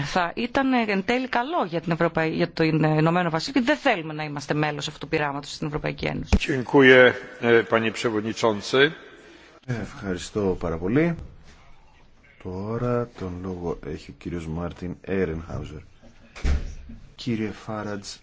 θα ήταν ε, εν τέλει καλό για, την Ευρωπαϊ... για το ε, Ηνωμένο Βασίλειο και δεν θέλουμε να είμαστε μέλος αυτού του πειράματος στην Ευρωπαϊκή Ένωση. Ε, ευχαριστώ πάρα πολύ. Τώρα τον λόγο έχει ο κύριος Μάρτιν Έρενχάουζερ. Κύριε Φάραντς,